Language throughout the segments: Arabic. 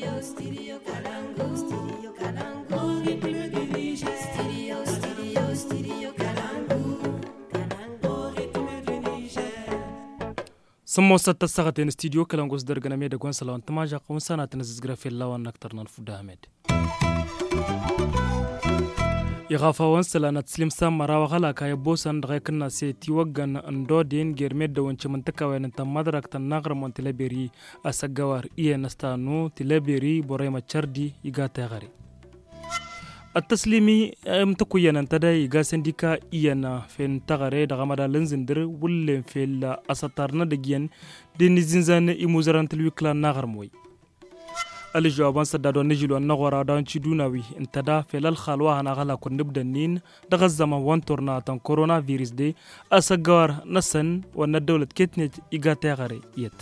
stereo, stereo studio kalangos darganame dagwan salawan tamaja sanatin zizgrafe naktarnan fudahamed Ighafawansa natsimsa marawaghala kaya bosan rekna se tiwaggan ndo din germed da wanci mantaka wayan ta madrak tan nagar mon tilaberi asagawar iya nastanu tilaberi borai machardi igata gari التسليمي متكوينا تداي غاسن ديكا إيانا فين تغاري دغمدا لنزندر ولين في الأسطار ندقين دين زنزان إموزران تلوكلا ناغرموي ali jawabansa dado nijilo nagora dan chidunawi intada felal khalwa hana ghala kun nibdanin daga zama wantorna tan coronavirus de asagawar nasan wa na dawlat ketnet iga tagare yet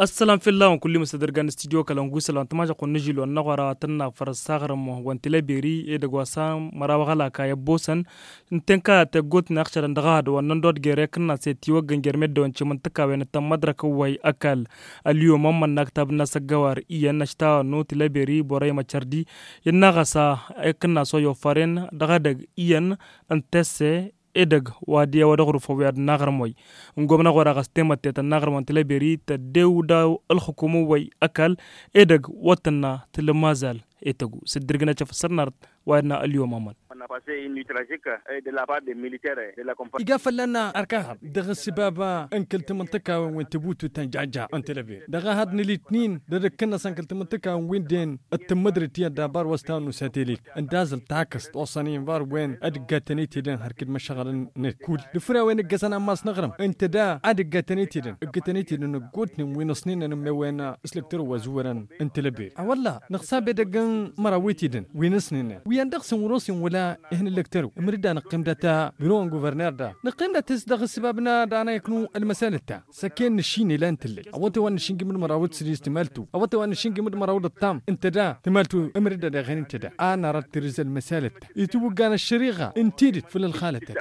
asalan fillan kulli musadar gan studio kalangu salan tamaja kunni jilo na gwara tanna farasagar mo wantile beri e da gwasa marawa ka ya bosan ntenka ta got na akhara ndaga da wannan dot gere kana se tiwa gangar med da wancin mantaka wani ta madraka wai akal aliyo mamman na na sagawar iya na shta no tile beri borai machardi yanna gasa e kana so yo faren daga dag iyan antese edeg wadia wada hurfowyad nagrmoy ngomna qoraqastemate nagrman tileberi tadewda alhukumu way akal edeg watana tilemazal etegu sidirginacha fasarnard وأنا اليوم أمان إيجا لنا أركاها دغ السبابة أنكل منطقة وين تبوتو تنجعجع أنت لبي دغ هاد الاثنين درك كنا سنكل منطقة وين دين التمدري تيا دابار وستان وساتيليت اندازل تعكس توصانين بار وين أدقا تنيتي دين هركد مشغل نكول دفرا وين قسنا ماس نغرم انت دا أدقا تنيتي دين أدقا تنيتي دين قوتني وين سنين أنا وين اسلكتر وزورا أنت لبي أولا نخصابي دقن مراويتي دين وين سنين ويان ويندق سمروسي ولا هن لكترو مردا نقيم داتا برون غوفرنر دا نقيم داتا تسدغ سبابنا دانا يكونوا المسالة تا سكين نشيني لان تلي أوت وان نشينجي من مراود سريس تمالتو أوت وان نشينجي من مراود الطام انت دا تمالتو مردا دا غير انت دا انا رد ترز المسالة تا يتوقع الشريغة انتيدت في الخالة تا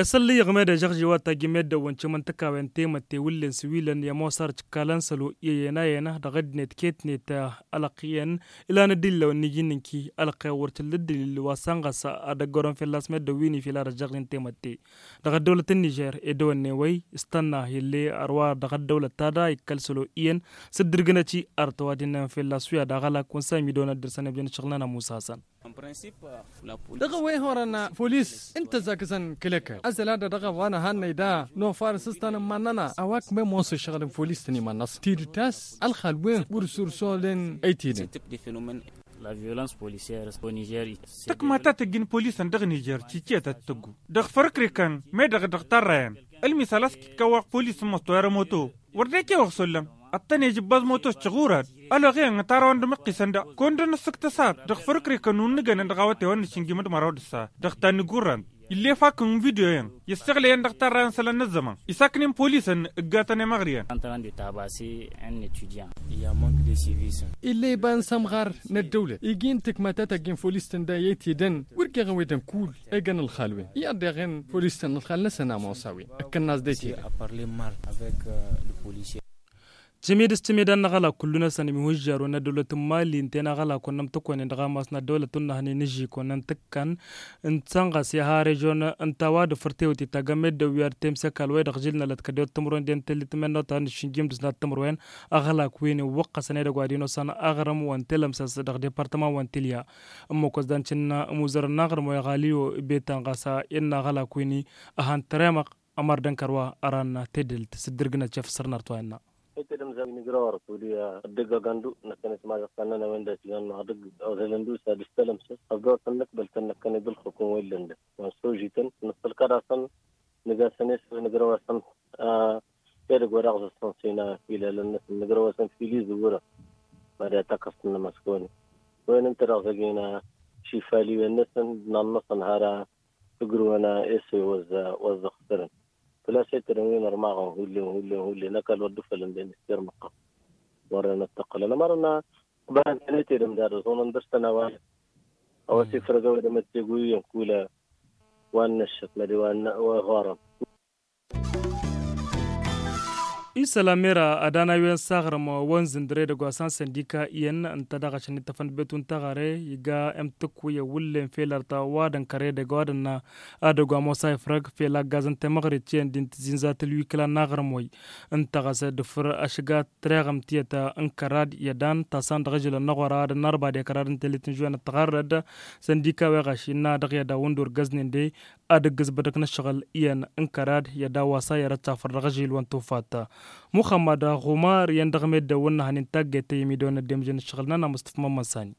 اصل لي غمد جخ جوا تجمد دو ونش من تكا وين تيم تي ولن سويلن يا موسار تكالن سلو يينا يينا دغد نت كيت نت علاقيان إلى ندل لو نجين نكي علاقة ورت لدل لو سانغسا أدعورن في لاس مد ويني في لار جخ نت تيم تي دغد دولة النيجر إدو النوي استنا هلي أروى دغد دولة تدا يكال سلو يين سدرجنا تي أرتوا دينا في لاس ويا دغلا كونسا ميدونا درسنا شغلنا موسى Euh, دغه وې هورنه پولیس انت انتزاکسن کلک ازل دا دغه وانه نه دا نو فار سستانه مننه اواک مې موس شغل پولیس تني منس تیر تاس الخل وې ور ورسور سولن ايتين لا فيولانس بوليسيير او نيجيري تک ماته تګین پولیس دغه نيجر چې چې ته تګو د فرق کن مې دغه دغه ترین المثال اس کې کوه پولیس مستوره موتو ورته کې وخصلم attani jibbas motos chigurad ala ghe nga tarawan da makki sanda kondo na sakta sar da farkre kanun ni ganan da gawate wannan shingimad marawdisa da tani gurran اللي فاكن فيديو ين يستغل ين دكتور ران سلنا الزمان يساكنين بوليسن اجاتني مغريان انت عندي تاباسي ان اتيديان يا مونك دي سيفيس اللي بان سمغار ندولة يجين تكمتا تجين فوليستن دايت يدن وركي غويدن كول اجن الخالوي يا دغن فوليستن الخال نسنا موساوي كان الناس ديتي ابارلي مار افيك لو بوليسي cimidis cimidan na gala kulluna sani mi hujjaro na dolatin mali te na gala ko nam tukko ne daga mas na dolatin na hani niji ko nan tukkan in tsanga si ha region in tawa da furte wuti ta game da wiyar tem se kalwe da gajil na latka da tumron den te litmen na ta nishin gim dis na tumron a gala ku ne wakka sane da gwadino sana agaram wan telam sa da departement wan tilya amma ko dan cin na muzar na garmo ya galiyo betan gasa in na gala ku ni a han trema amar dankarwa aran na tedelt sidirgna chef sarnar to inigror kulia adega gandu nakane smaga kanana wenda tigan no adag odelandu sa distalam sa abdo tanak bal tanakane bil hukum welanda wa sojitan nasal karasan نقاسنيس نقرواسن تيرق وراغز الصنصينا إلى لنس نقرواسن في لي زورة مريا تقصنا مسكوني وين انت راغزقينا شيفالي ونسن ننصن هارا تقروانا اسي وزا وزا خسرن فلا شيء وينر معه هو اللي هو اللي هو اللي نقل والدفل لين كثير مقا ورنا نتقل انا مرنا بعد نتي زون درست انا واحد او سي فرقه ودمت يوم كولا وان نشط مدي وان وغارب isa lamera a dana yuwan sagar ma wan zindire da gwasan sandika iyan an ta daga shani ta fanbe tun ta gare ga em tuku ya wullen felar ta wadan kare daga wadan na a da gwa ifrag fela gazan ta magare ciyan din tizin za ta luyi kila nagar moy an ta gasa da fur a shiga tiya ta an karad ya dan ta san daga jila na gwara da narba da kararin talitin juwa na ta gare da sandika wai gashi na daga ya da wundur gaznin adeges bedekna shaqal iyan inkarad yada wasa yarata farraqashil wan tufata muhammada khumar yan daqmeda wana haninta geta yimidona demjen shaqalnana mustafa mamasani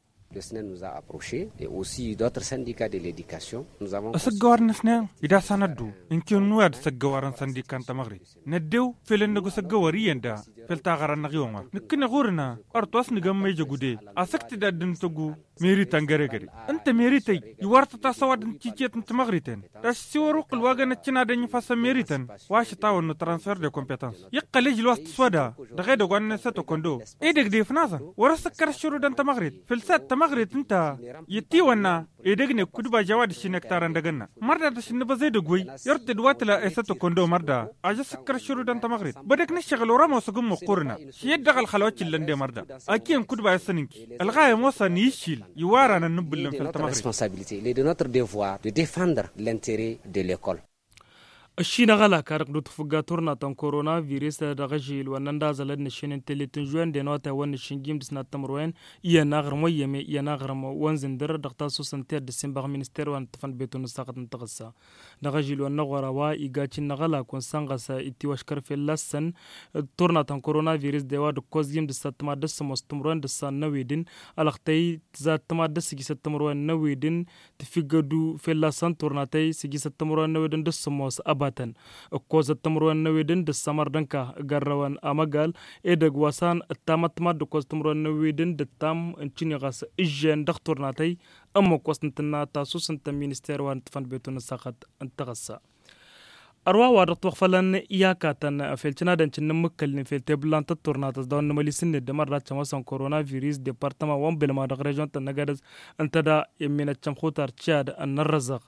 أسجوار نسنا إذا سندو إن كنوا أد سجوارن سنديكان تمغري ندو فيلن نجو سجواري يندا felta garan na yonga nikina gurna artos ni gamme jagude asakti da din tugu meri tangare gari anta meri tay yuwarta ta sawadin kicet nta magriten das siwaru qul wagana cina da ni fasa meri tan washi ta wonu transfer de competence yaqale jil wast swada da gayda gwanna sato kondo e deg de fnasa warasa kar shuru dan ta magrit felsat ta magrit nta yitti wanna deg ne kudba jawad shinek taran da ganna marda da shinna bazai da goy yartid watla sato kondo marda aja sakkar shuru dan ta magrit badek ne shagalo ramo sugum mo kurna hiyad dagal khalawacin da. marda akiyan kudba ya saninki alghaya mosa ni shil yuwara nan nubbul lamfil ta maghrib responsabilité il est de notre devoir de défendre l'intérêt de l'école الشينغالا كارق دو تفوغا تورنا تان كورونا فيروس دغجيل ونندا زلد نشين تلتن جوان دي نوتا ون شنجيم دسنا تمروين يا ناغر مو يمي يا ناغر مو وان زندر دغتا سوسن تير دسمبر مينستير وان تفن بيتو نساقت نتغسا دغجيل وان نغورا وا ايغا تشينغالا كون سانغسا ايتي واشكر في لسن تورنا تان كورونا فيروس ديوا دو كوزيم دسا تما دس مستمروين دسا نويدن الختي تزا تما دس كي ستمروين نويدن تفيغدو في لسن تورناتي سيغي ستمروين نويدن دس موس أبا qabaatan akkoosatamroo naweedin disamar dhanka garrawan amagal edag wasaan tamatmad koostamroo naweedin dittam inchiniqas ijeen daktornaatay ama koosntinaa taasuusinta ministeer waan tufan beetun saqad intaqasa arwa wadat wakfalan iyakatan felchinadanchina makalin felte bulanta tornatas dawan namalisinne damarrachamasan coronavirus departement wan belmadak regionta nagadas intada yeminacham khutar chad annarazak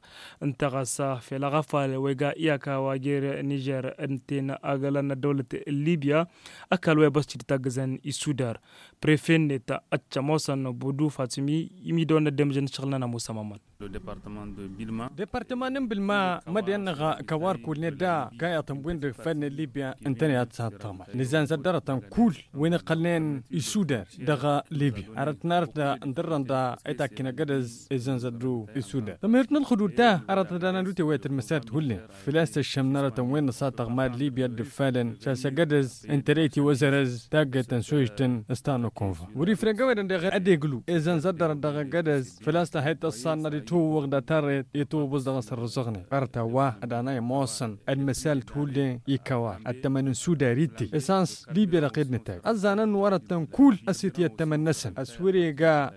intaqasa felaga fale wega iyaka wagir niger intin agalana dowlat libya akalwe basciditagazan isudar prefenneta achamosan budu fatimi imidona demjen shaqlana musamaman ديبارتمان بالما مدين غا كوار كل ندا كايا تموين فن ليبيا انتني اتساتام نزان زدرة كل وين قلنين يسودر دغا ليبيا عرفت نارت دا اندران دا ايتا كنا قدز ازان زدرو يسودر تمهرتنا الخدود دا عرفت دانا لوتي ويت المسارت هلين فلاسة الشم نارة تموين نصات غمار ليبيا دفالن شاسا قدز انتريتي وزرز تاقا تنسويجتن استانو كونفا وري فرنقوين دا غير ادي قلو ازان زدرة غا قدز فلاسة تا هيتا الصان تو وغدا تاري يتو بزدغن سرزغني قرتا وا ادانا موسن المسال تولي يكوار التمن سودا ريتي اسانس ليبيا لقيد نتاج ازانا نورا تنكول اسيت يتمنسن اسوري غا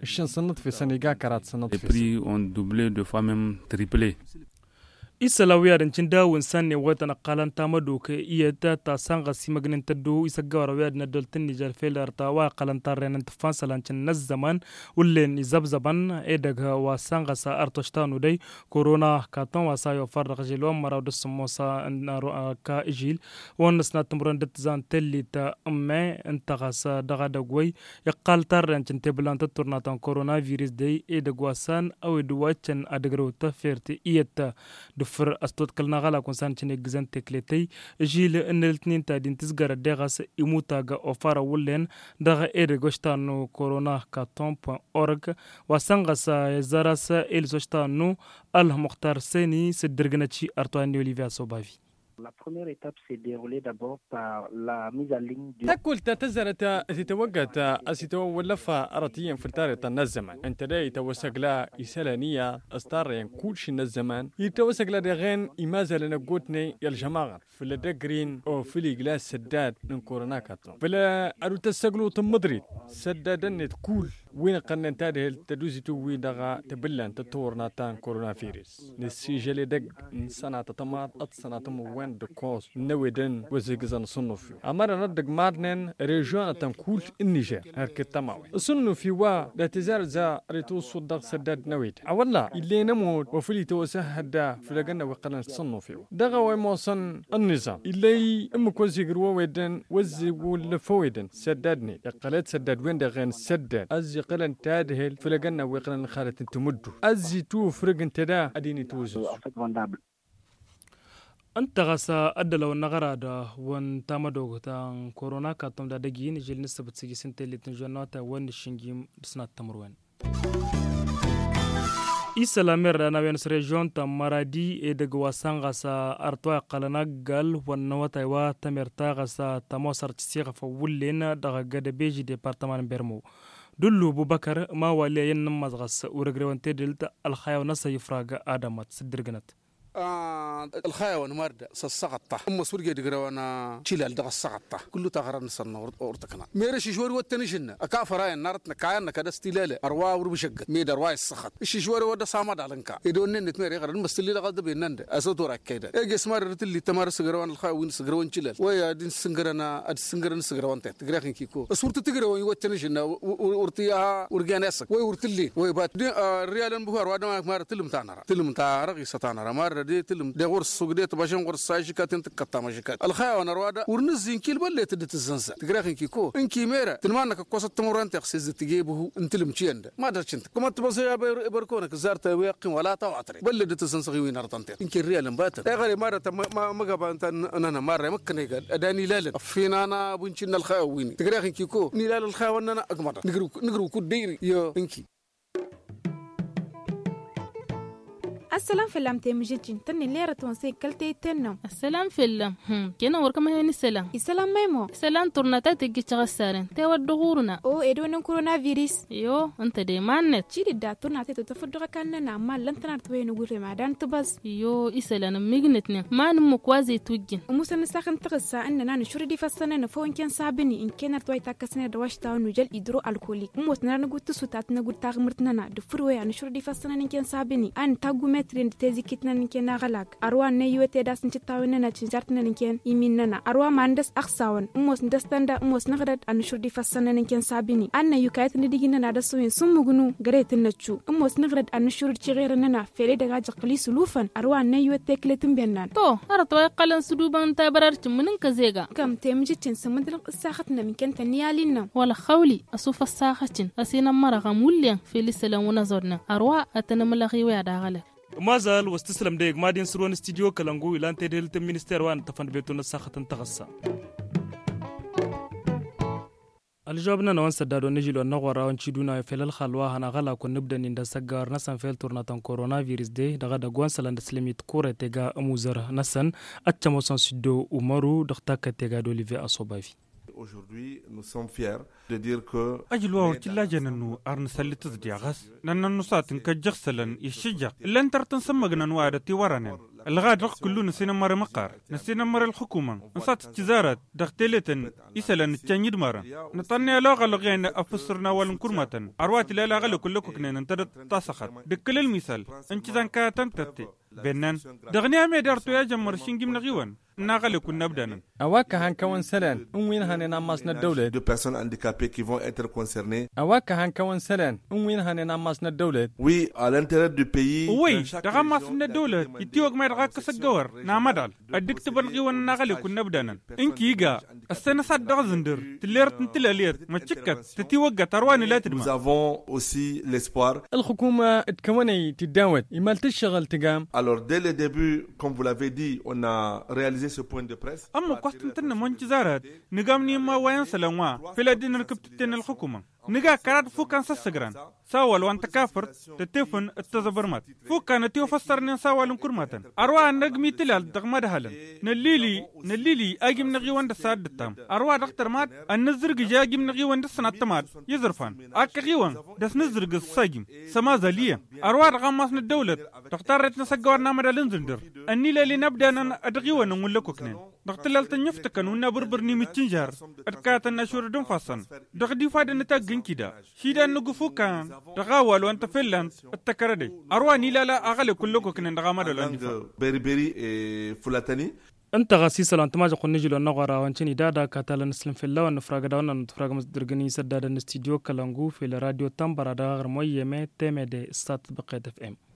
في سنغا كرات سنط في بري اون دوبلي دو فا ميم تريبلي isa lawiyarincinda winsan wadana qalanta maduka iyada taasanga simagninta du isa gawarwiyadna dolta nijar felarta wa qalanta renanta fansalancinna zaman ulen izabzaban ee daga wasangasa artoshtanuday korona katan wasayo farraqjil wa marawda sumosa ka ijil wanasna tumurandatizan tellita ame intaqasa daqadagway yaqalta rencinte bilanta turnatan coronavirus day ee dagwasan aweduwacen adagrawta ferti iyata فر أستود كلنا غلا كونسان تشني جزان تكلتي جيل إن الاثنين تادين تزجر دغس إموتا غا أوفارا ولين دغا إير غشتانو كورونا كاتون بوان أورغ وسانغس زارس إل زشتانو المختار سيني سدرغنتشي أرتواني أوليفيا صوبافي La première étape s'est déroulée d'abord par la mise تأكل تتزرة تتوقت أسيتو ولفا أرتيا فرتارة النزمان أنت لا يتوسق لا إسالانية أستار كل شيء النزمان يتوسق لا دغين إمازة لنا قوتني يالجماغر في الدقرين أو في الإجلاس سداد من كورناكاتو فلا أرو تسقلو تمدريد سدادن تقول وين قلنا تاده تدوزي توي دغا تبلان تطورنا تان كورونا فيروس نسيجل دق سنة تمار أتصنع تموان an da kos na weden wasigizan sunnufi amara na dag marnen region atan kul in niger har kitamaw sunnufi wa da tizar za ritu sudak sadad nawid awalla ilena mo wafuli to sahada filagana waqalan sunnufi daga way mosan النظام إلي أم كوزيغر وويدن وزيغو لفويدن سددني يقلت سدد وين دغين سدد أزي قلن تادهل فلقنا ويقلن خالة تمدو أزي تو فرقن تدا أديني توزيزو adala da wani ta wan tamadogotan corona katom da dagi ni jil nisab tsigi ta litin wani shingi suna tamar wani isa lamer da na wani region ta maradi e daga wasan gasa kala na gal wan nawata wa tamerta gasa tamos kafa wulle na daga gada beji departamen bermo dullu bubakar ma waliyayen nan mazgasa uregrewan tedelta na nasa yifraga adamat sidirganat آه، الخاون مرد سسقطة أم سورجة دقروانا تشيل على السقطة كله تغرن سنة أورتكنا ميرش شوار وتنشنا أكافر أن نارتنا كأن كذا استلالة أروا وربشقة ميد أروى السخط إيش شوار ودا سامد على نكا إدون ننت مير يغرن مستلي لقد بينند أسطورة كيدا إيه جسم رت اللي تمارس سجروان الخاون سجروان تشيل ويا دين سنجرنا أد سنجرن سجروان تحت تغرقين كيكو صورة تغرقين وتنشنا ورتيها ورجانسك ويا بات آه، ريالن بخار وادم أكمار تلم تانرا تلم تانرا قصة تانرا مرة دي تلم دي غور السوق دي نغور غور الساجكات انت قطا ماجكات الخايا وانا روادا ورنزين كيل بل تد تزنسا تقراخين كي كو انكي ميرا تلمانك قوصة تمران تخسيز تجيبه انت لم عنده ما درش انت كما تبصي يا بركونك زارت ويقين ولا تعطري بل دي غيوين وين رطنت انكي الريال مبات اي غالي مارا ما ما انت انا مارا مكنا يقال اداني لالن فينا انا بنشن الخاويني تقراخين كي كو ني لال الخاوي انا اقمر نقرو نقرو كو ديري يو انكي السلام فيلم تيم مجيتي تني ليرة تونسي كلتي تنم السلام فيلم هم كنا وركم هني السلام السلام ميمو السلام تورناتا تيجي تغسرن تيوا دغورنا او ادو كورونا فيروس يو انت دي مانت تشيدي دا تورناتا تتفدغ كاننا نعمال لن تنار توي نقول ما دان تبز يو اسلان ميغنتني ما نمو كوازي توجين وموسى نساخن تغسى اننا نشوري دي فسنا نفو ان كان سابني ان كان توي تاكسنا دواش تاو نجل ادرو الكولي وموسى موسنا نغوت سوتات نقول تاغمرتنا دفروي نشوري دي فسنا ان كان سابني ان تاغو kitna ninken na naxalag arwa ne yuwetedas ninken imin nana arwa ma ndes axsawan umos ndestanda umos naxdat anushurdi ninken sabini an na yukayatini diginana da suwin summugunu garetinnacu umos naxdat anushurd nana fele daga jaqli sulufan arwa ne yuwete kiletin bennan to aratwai qalan suduban tabararcin munin ka zega kam temjicin samudil saxatna minkenta na. wala khawli asu fassaxacin asinan mara mulliyan felisalan wuna zorna arwa atanamalaxiwaya daxale مازال واستسلم ديك مادين سروان استديو كلانغو إلى أن تدهل تمينستير وان تفن بيتونا ساخة تغسى الجواب نانا وان سدادو نجي لو نغورا وان تشيدونا فيل الخلوة هنا غلا كون نبدا نندا سجار نسان فيل تورنا تان كورونا فيروس دي دغا دا غوان سلان دسلمي تكورة تيغا أموزر نسان أتشاموسان سيدو أمارو دغتا كتيغا دوليفي أصوبافي أجلوار تلاجة ننو أرن سلتز دياغس ننن نساتن كجغسلن يشجق لن ترتن سمغن نوارة تيورنن الغادق كلو نسينا مرة مقار نسينا مرة الحكومة نصات التزارة دختلتن إسلا نتشان يدمارا نطني لا غلغين أفسرنا والنكرمة أرواتي لا غلو كلو كنين انتدت تاسخت دكل المثال انتزان كاتن تتي بنان دغني أمي دارتو يا جمر شنجم نغيوان ناغلي كنا بدنا أواك هان كون سلان أمين هان نامسنا الدولة دو بيرسون انديكابي كي فون اتر كونسيرني أواك هان كون سلان أمين هان نامسنا الدولة وي على الانتيرير دو بيي وي دغمسنا الدولة يتيوك ما ka sagawar na madal adik tiban giwan na gali kun nabdanan in ki ga asana sa da zindir tiler tintilaliyar macikat tatiwa ga tarwani la tidma nous avons aussi l'espoir الحكومه تكوني تداوت يمال تشتغل تقام alors dès le début comme vous l'avez dit on a réalisé ce point de presse amma kwastin tanna monci zarat nigam ni ma wayan salanwa filadin rkabtin الحكومه نيغا كراد فوكان سسغران ساول وانت كافر تتفن التزبرمات فوكان تيو نين ساول كرماتن اروا نجمي تلال دغمد دهلن نليلي نليلي اجم من غي وند ساد دتام اروا دكتور مات ان جاجي من نغي وند سنات مات يزرفان اك غيوان دس نزرق ساجم سما زاليه اروا غماس الدوله تختارت نسقورنا مدى ان اني لالي نبدا ادغيوان ونلكوكنن دختلال تنيف تكنون نبر برني متنجر أتكات النشور دون فصن دخ دي فاد نتاقن كده شيدا نقفو كان دغاوال وانت فلنت التكردي أرواني لا لا أغلي كلكو كنن دغامد بري بري فلاتاني انت غاسيس لو انت ما جقون نجي لو نغرا وانشني دادا كاتالا نسلم في اللو نفراغ داونا نتفراغ مزدرغني سدادا نستيديو كالانغو في الراديو تامبرا دا غرموية مي تيمي دي استات بقيت اف ام